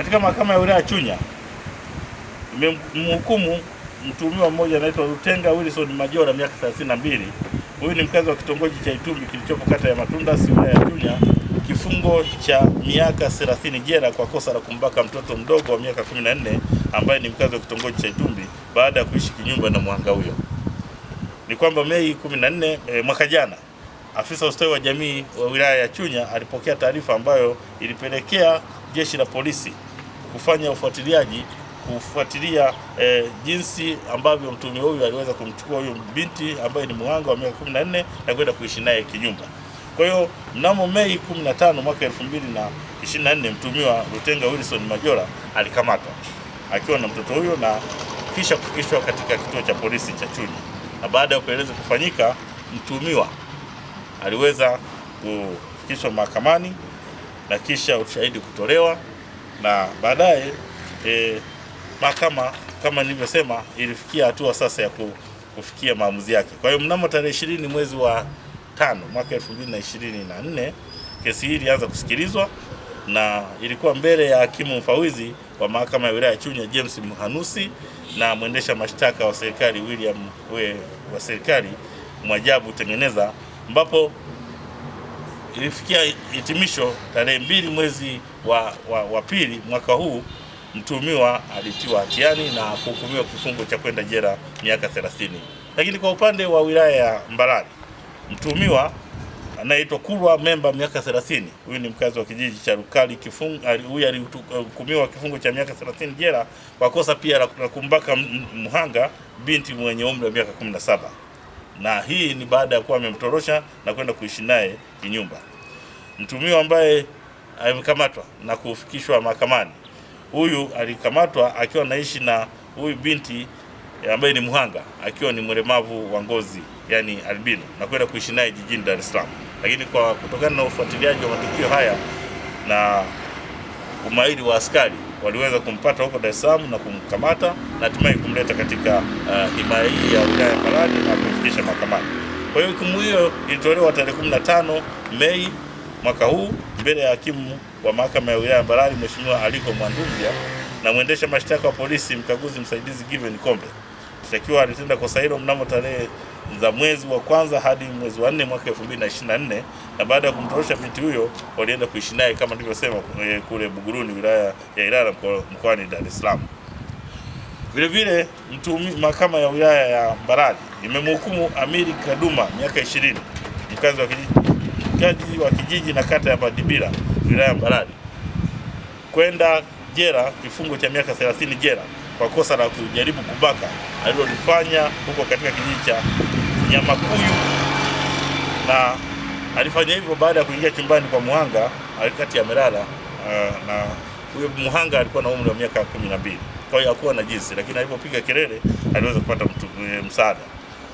katika mahakama ya wilaya Chunya imemhukumu mtuhumiwa mmoja anaitwa Rutenga Wilson Majora miaka 32. Huyu ni mkazi wa kitongoji cha Itumbi kilichopo kata ya Matundasi wilaya ya Chunya kifungo cha miaka 30 jela kwa kosa la kumbaka mtoto mdogo wa miaka 14 ambaye ni mkazi wa kitongoji cha Itumbi baada ya kuishi kinyumba na mhanga huyo. Ni kwamba Mei 14 e, eh, mwaka jana afisa ustawi wa jamii wa wilaya ya Chunya alipokea taarifa ambayo ilipelekea jeshi la polisi kufanya ufuatiliaji kufuatilia eh, jinsi ambavyo mtuhumiwa huyu aliweza kumchukua huyo binti ambaye ni mhanga wa miaka 14 na kwenda kuishi naye kinyumba. Kwa hiyo mnamo Mei 15 mwaka 2024 mtumiwa Lutenga Wilson Majora alikamatwa akiwa na mtoto huyo na kisha kufikishwa katika kituo cha polisi cha Chunya, na baada ya upelelezi kufanyika, mtumiwa aliweza kufikishwa mahakamani na kisha ushahidi kutolewa na baadaye e, mahakama kama nilivyosema ilifikia hatua sasa ya kufikia maamuzi yake. Kwa hiyo mnamo tarehe ishirini mwezi wa tano mwaka 2024 kesi hii ilianza kusikilizwa na ilikuwa mbele ya hakimu mfawizi wa mahakama ya wilaya Chunya James Mhanusi na mwendesha mashtaka wa serikali William we, wa serikali Mwajabu Tengeneza ambapo ilifikia hitimisho tarehe mbili mwezi wa, wa, wa pili mwaka huu mtuhumiwa alitiwa hatiani na kuhukumiwa kifungo cha kwenda jela miaka 30. Lakini kwa upande wa wilaya ya Mbarali mtuhumiwa anaitwa Kulwa Memba miaka 30. Huyu ni mkazi wa kijiji cha Rukali kifungo, huyu alihukumiwa kifungo cha miaka 30 jela kwa kosa pia la kumbaka mhanga binti mwenye umri wa miaka 17 na hii ni baada ya kuwa amemtorosha na kwenda kuishi naye kinyumba. Mtumio ambaye amekamatwa na kufikishwa mahakamani, huyu alikamatwa akiwa anaishi na huyu binti ambaye ni mhanga, akiwa ni mlemavu wa ngozi, yani albino, na kwenda kuishi naye jijini Dar es Salaam. Lakini kwa kutokana na ufuatiliaji wa matukio haya na umahiri wa askari waliweza kumpata huko Dar es Salaam na kumkamata na hatimaye kumleta katika uh, himaya hii ya wilaya ya na kumfikisha mahakamani. Kwa hiyo hukumu hiyo ilitolewa tarehe 15 Mei mwaka huu mbele ya hakimu wa mahakama ya wilaya ya Mbarali Mheshimiwa Aliko Mwandumbia na mwendesha mashtaka wa polisi mkaguzi msaidizi Given Kombe shtakiwa alitenda kosa hilo mnamo tarehe za mwezi wa kwanza hadi mwezi wa nne mwaka 2024 na baada ya kumtorosha binti huyo walienda kuishi naye kama nilivyosema eh, kule Buguruni wilaya ya Ilala mkoani Dar es Salaam. Vilevile mahakama ya wilaya ya Mbarali imemhukumu Amiri Kaduma miaka 20 mkazi wa kijiji mkazi wa kijiji na kata ya Badibira wilaya ya Mbarali kwenda jela kifungo cha miaka 30 jela kwa kosa la kujaribu kubaka alilolifanya huko katika kijiji cha Nyamakuyu, na alifanya hivyo baada ya kuingia chumbani kwa Muhanga alikati amelala, eh, na huyo Muhanga alikuwa na umri wa miaka kumi na mbili kwa hiyo hakuwa na jinsi, lakini alipopiga kelele aliweza kupata eh, msaada.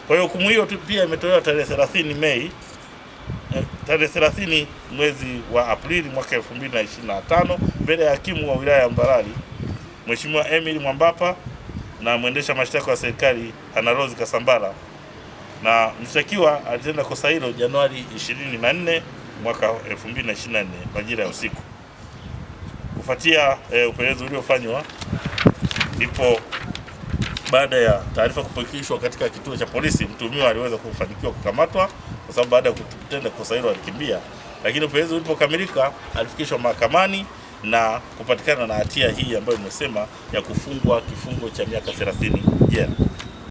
Kwa hiyo hukumu hiyo pia imetolewa tarehe 30 Mei, eh, tarehe 30 mwezi wa Aprili mwaka 2025 mbele ya hakimu wa wilaya ya Mbarali. Mheshimiwa Emil Mwambapa na mwendesha mashtaka wa serikali Ana Rose Kasambala, na mshtakiwa alitenda kosa hilo Januari 24 mwaka 2024 majira ya usiku. Kufuatia eh, upelelezi uliofanywa ndipo baada ya taarifa kupokelewa katika kituo cha polisi, mtuhumiwa aliweza kufanikiwa kukamatwa kwa sababu baada ya kutenda kosa hilo alikimbia, lakini upelelezi ulipokamilika alifikishwa mahakamani na kupatikana na hatia hii ambayo imesema ya kufungwa kifungo cha miaka 30 jela.